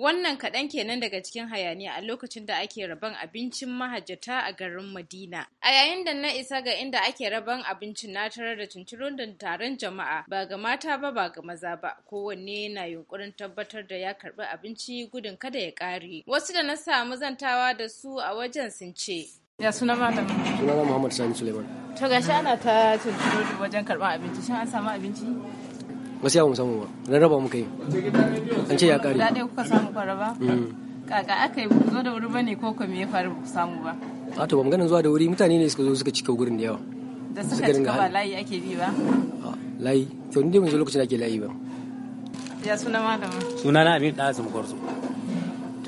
Wannan kaɗan kenan daga cikin hayaniya a lokacin da ake rabon abincin mahajjata a garin Madina. A yayin da na isa ga inda ake rabon abincin na tarar da da taron jama'a ba ga mata ba ba ga maza ba kowanne na yunkurin tabbatar da ya karɓi abinci gudun kada ya ƙare. Wasu da na samu zantawa da su a wajen sun ce. Ya suna malam. Suna Muhammad Sani Suleiman. To gashi ana ta cincirundun wajen karɓar abinci shin an samu abinci? wasu yawon samu ba raba muka yi an ce ya kare da dai kuka samu kwaraba mm. kaka aka yi zo da wuri bane ko ko me ya faru ku samu ba a to ba maganin zuwa da wuri mutane ne suka zo suka cika gurin da yawa da suka cika ba layi ake bi ba layi to ni dai mun zo lokacin ake layi ba ya suna malama suna na da Dazum Gorzo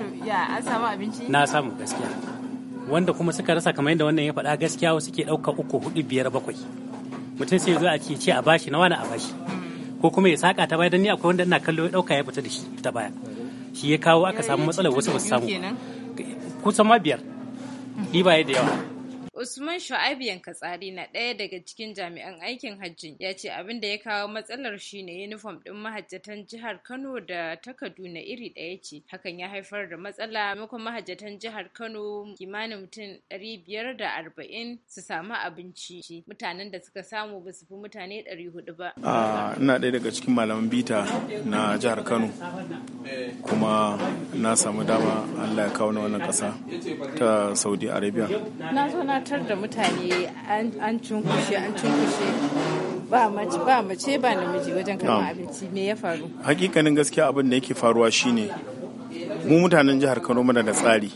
to ya an samu abinci na samu gaskiya wanda kuma suka rasa kamar yadda wannan ya faɗa gaskiya wasu ke ɗauka uku hudu biyar bakwai mutum sai zo a ce a bashi na wani a bashi mm. ko kuma ya saka ta baya dan ni akwai wanda ina kallo ya dauka ya fita da shi ta baya shi ya kawo aka samu matsalar wasu ba su samu kusan ma biyar ɗiba da yawa Usman Shu'aibu Yankatsari na ɗaya daga cikin jami'an aikin hajji ya ce abin da ya kawo matsalar shine yunifom ɗin mahajjatan jihar Kano da ta Kaduna iri ɗaya ce. Hakan ya haifar da matsala maimakon mahajjatan jihar Kano kimanin mutum ɗari biyar da arba'in su samu abinci. Mutanen da suka samu ba su fi mutane ɗari hudu ba. Ah, ina ɗaya daga cikin malaman bita na jihar Kano kuma na samu dama Allah ya kawo na wannan ƙasa ta Saudi Arabia. tozartar da mutane an cunkushe an cunkushe ba mace ba mace ba namiji wajen kama abinci me ya faru hakikanin gaskiya abin da yake faruwa shine mu mutanen jihar Kano muna da tsari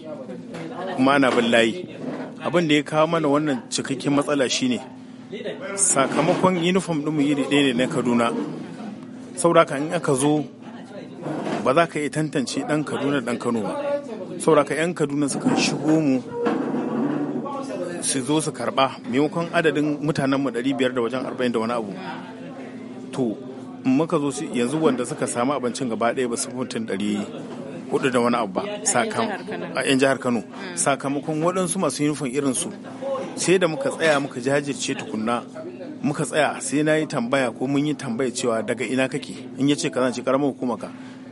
kuma ana bin layi abin da ya kawo mana wannan cikakken matsala shine sakamakon uniform mu iri ɗaya ne na Kaduna saboda in aka zo ba za ka iya tantance ɗan Kaduna ɗan Kano ba saboda 'yan Kaduna suka shigo mu su zo su karba maimakon adadin mutanen mu 500 da wajen 40 da wani abu to muka zo yanzu wanda suka samu abincin gaba ɗaya ba su mutum ɗari hudu da wani abu ba a yan jihar kano sakamakon waɗansu masu yunifon su sai da muka tsaya muka jajirce tukunna muka tsaya sai na yi tambaya ko mun yi tambaya cewa daga ina kake in ya ce ka zan karamar hukumaka.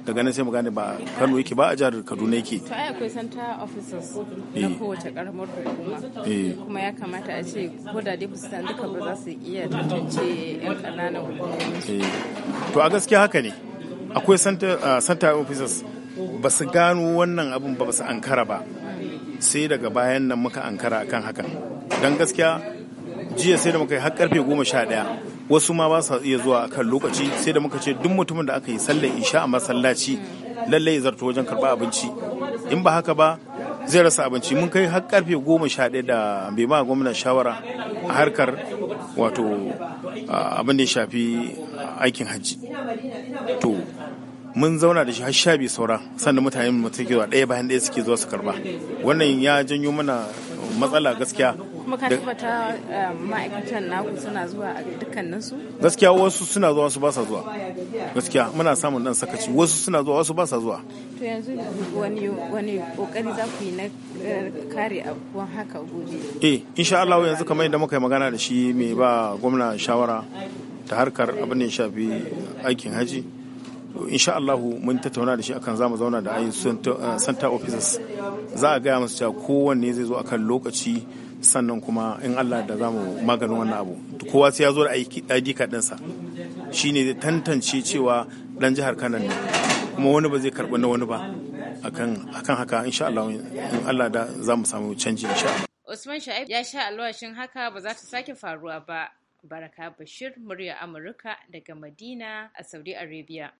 daga nan sai mu gane ba Kano yake ba a jihar Kaduna yake to ai akwai center officers na eh. kowace karamar hukuma eh. kuma ya kamata a ce ko da dai fusan duka ba za su iya tantance yan kananan hukumomi eh. to a gaskiya haka ne akwai center officers ba su gano wannan abin ba su ankara ba sai daga bayan nan muka ankara akan hakan don gaskiya jiya sai da muka yi har karfe goma sha daya. wasu ma ba sa iya zuwa akan lokaci sai da muka ce duk mutumin da aka yi sallar isha a masallaci lallai zarto wajen karɓa abinci in ba haka ba zai rasa abinci mun kai har karfe goma sha ɗaya da bai ma gwamnan shawara a harkar wato abin da ya shafi aikin hajji to mun zauna da shi har sha biyu saura sannan mutane mu suke zuwa ɗaya bayan ɗaya suke zuwa su karba wannan ya janyo mana matsala gaskiya kuma ka tabbata um, ma'aikatan naku suna zuwa a dukkanin su gaskiya wasu suna zuwa wasu ba sa zuwa gaskiya muna samun dan sakaci wasu suna zuwa wasu ba sa zuwa to yanzu wani wani kokari za ku yi na eh, kare abubuwan haka gobe eh insha Allah yanzu kamar yadda muka yi magana da shi mai ba gwamna shawara ta harkar abin da ya shafi aikin haji insha Allah mun tattauna da shi akan zamu zauna da ayi eh, center offices za a gaya musu cewa kowanne zai zo akan lokaci sannan kuma in Allah da zamu maganin wannan abu kowa sai ya zo da ID card ɗinsa shine zai tantance cewa dan jihar Kano ne kuma wani ba zai karɓi na wani ba akan akan haka insha Allah in Allah da zamu samu canji insha Allah Usman Sha'ib ya sha alwashin haka ba za ta sake faruwa ba Baraka Bashir, murya Amurka daga Madina a Saudi Arabia.